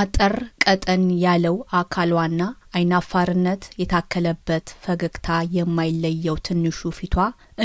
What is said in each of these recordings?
አጠር ቀጠን ያለው አካሏና አይናፋርነት የታከለበት ፈገግታ የማይለየው ትንሹ ፊቷ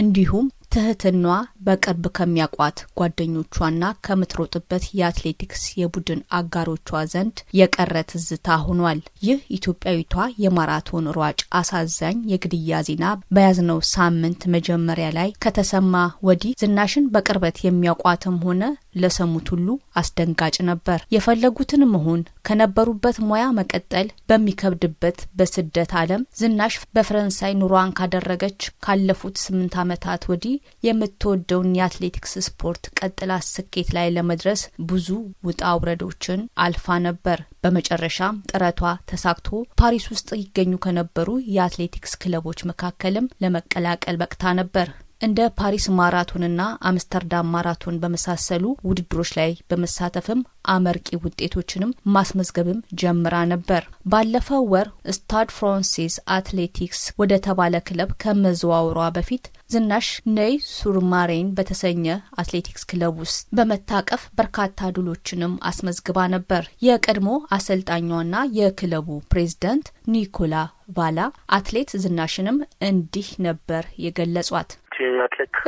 እንዲሁም ትህትኗ በቅርብ ከሚያውቋት ጓደኞቿና ከምትሮጥበት የአትሌቲክስ የቡድን አጋሮቿ ዘንድ የቀረ ትዝታ ሆኗል። ይህ ኢትዮጵያዊቷ የማራቶን ሯጭ አሳዛኝ የግድያ ዜና በያዝነው ሳምንት መጀመሪያ ላይ ከተሰማ ወዲህ ዝናሽን በቅርበት የሚያውቋትም ሆነ ለሰሙት ሁሉ አስደንጋጭ ነበር። የፈለጉትን መሆን ከነበሩበት ሙያ መቀጠል በሚከብድበት በስደት ዓለም ዝናሽ በፈረንሳይ ኑሯን ካደረገች ካለፉት ስምንት ዓመታት ወዲህ የምትወደው የተወደደውን የአትሌቲክስ ስፖርት ቀጥላ ስኬት ላይ ለመድረስ ብዙ ውጣ ውረዶችን አልፋ ነበር። በመጨረሻም ጥረቷ ተሳክቶ ፓሪስ ውስጥ ይገኙ ከነበሩ የአትሌቲክስ ክለቦች መካከልም ለመቀላቀል በቅታ ነበር። እንደ ፓሪስ ማራቶንና አምስተርዳም ማራቶን በመሳሰሉ ውድድሮች ላይ በመሳተፍም አመርቂ ውጤቶችንም ማስመዝገብም ጀምራ ነበር። ባለፈው ወር ስታድ ፍራንሲስ አትሌቲክስ ወደ ተባለ ክለብ ከመዘዋወሯ በፊት ዝናሽ ነይ ሱርማሬን በተሰኘ አትሌቲክስ ክለብ ውስጥ በመታቀፍ በርካታ ድሎችንም አስመዝግባ ነበር። የቀድሞ አሰልጣኟና የክለቡ ፕሬዝዳንት ኒኮላ ቫላ አትሌት ዝናሽንም እንዲህ ነበር የገለጿት።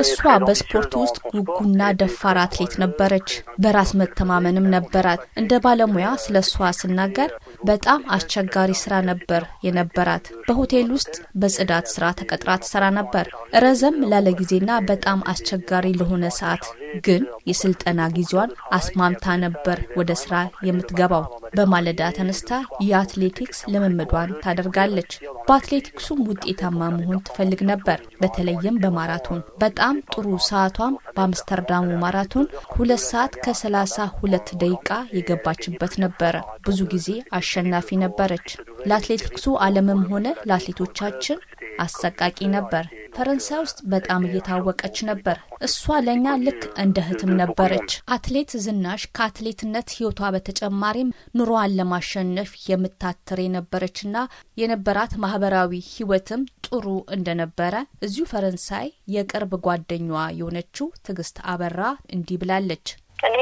እሷ በስፖርት ውስጥ ጉጉና ደፋር አትሌት ነበረች። በራስ መተማመንም ነበራት። እንደ ባለሙያ ስለ እሷ ስናገር በጣም አስቸጋሪ ስራ ነበር የነበራት። በሆቴል ውስጥ በጽዳት ስራ ተቀጥራ ትሰራ ነበር። ረዘም ላለ ጊዜና በጣም አስቸጋሪ ለሆነ ሰዓት ግን የስልጠና ጊዜዋን አስማምታ ነበር ወደ ስራ የምትገባው። በማለዳ ተነስታ የአትሌቲክስ ልምምዷን ታደርጋለች። በአትሌቲክሱም ውጤታማ መሆን ትፈልግ ነበር። በተለይም በማራቶን በጣም ጥሩ ሰዓቷም በአምስተርዳሙ ማራቶን ሁለት ሰዓት ከሰላሳ ሁለት ደቂቃ የገባችበት ነበረ። ብዙ ጊዜ አሸናፊ ነበረች። ለአትሌቲክሱ ዓለምም ሆነ ለአትሌቶቻችን አሰቃቂ ነበር። ፈረንሳይ ውስጥ በጣም እየታወቀች ነበር። እሷ ለእኛ ልክ እንደ እህትም ነበረች። አትሌት ዝናሽ ከአትሌትነት ህይወቷ በተጨማሪም ኑሮዋን ለማሸነፍ የምታትር የነበረችና የነበራት ማህበራዊ ህይወትም ጥሩ እንደነበረ እዚሁ ፈረንሳይ የቅርብ ጓደኛዋ የሆነችው ትዕግስት አበራ እንዲህ ብላለች። እኔ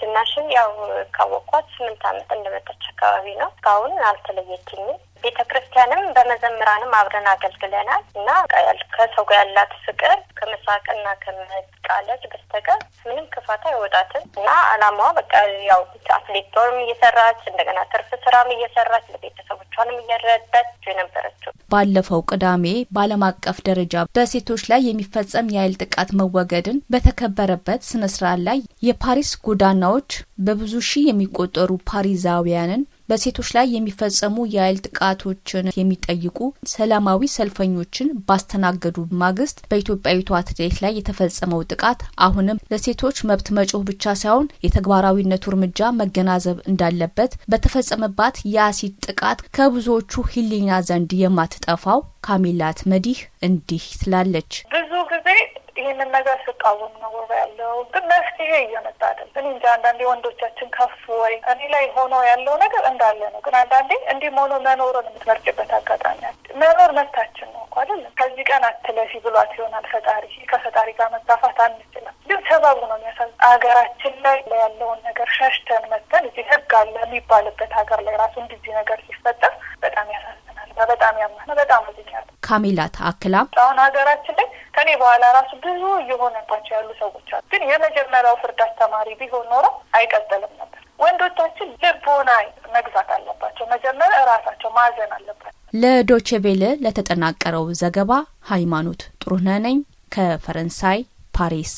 ዝናሽን ያው ካወቅኳት ስምንት ዓመት እንደመጣች አካባቢ ነው። እስካሁን አልተለየችኝም። ቤተ ክርስቲያንም በመዘምራንም አብረን አገልግለናል እና ከሰው ጋር ያላት ፍቅር ከመሳቅና ከመቃለድ በስተቀር ምንም ክፋት አይወጣትም እና አላማዋ በቃ ያው አትሌት ጦርም እየሰራች እንደገና ትርፍ ስራም እየሰራች ለቤተሰቦቿንም እየረዳች የነበረችው። ባለፈው ቅዳሜ በዓለም አቀፍ ደረጃ በሴቶች ላይ የሚፈጸም የኃይል ጥቃት መወገድን በተከበረበት ስነ ላይ የፓሪስ ጎዳናዎች በብዙ ሺህ የሚቆጠሩ ፓሪዛውያንን በሴቶች ላይ የሚፈጸሙ የኃይል ጥቃቶችን የሚጠይቁ ሰላማዊ ሰልፈኞችን ባስተናገዱ ማግስት በኢትዮጵያዊቱ አትሌት ላይ የተፈጸመው ጥቃት አሁንም ለሴቶች መብት መጮህ ብቻ ሳይሆን የተግባራዊነቱ እርምጃ መገናዘብ እንዳለበት በተፈጸመባት የአሲድ ጥቃት ከብዙዎቹ ሕሊና ዘንድ የማትጠፋው ካሚላት መዲህ እንዲህ ትላለች። ብዙ ጊዜ ይህንን ነገር ስቃወም ነው ያለው። ግን መፍትሄ እየመጣ አይደል? እኔ እንጂ አንዳንዴ ወንዶቻችን ከፍ ወይ እኔ ላይ ሆኖ ያለው ነገር እንዳለ ነው። ግን አንዳንዴ እንዲህ ሆኖ መኖርን የምትመርጭበት አጋጣሚ መኖር መብታችን ነው እኮ አይደለም። ከዚህ ቀን አትለፊ ብሏት ይሆናል ፈጣሪ። ከፈጣሪ ጋር መጋፋት አንችልም። ግን ሰበቡ ነው የሚያሳዝ አገራችን ላይ ያለውን ነገር ሸሽተን መተን እዚህ ህግ አለ የሚባልበት ሀገር ላይ ራሱ እንዲዚህ ነገር ሲፈጠር በጣም ያሳዝናል። በጣም ያምናል። በጣም ዝኛል። ካሜላ ተአክላም አሁን ሀገራችን ላይ ከእኔ በኋላ ራሱ ብዙ እየሆነባቸው ያሉ ሰዎች አሉ። ግን የመጀመሪያው ፍርድ አስተማሪ ቢሆን ኖሮ አይቀጥልም ነበር። ወንዶቻችን ልቦና መግዛት አለባቸው። መጀመሪያ እራሳቸው ማዘን አለባቸው። ለዶቼ ቬለ ለተጠናቀረው ዘገባ ሃይማኖት ጥሩነህ ነኝ ከፈረንሳይ ፓሪስ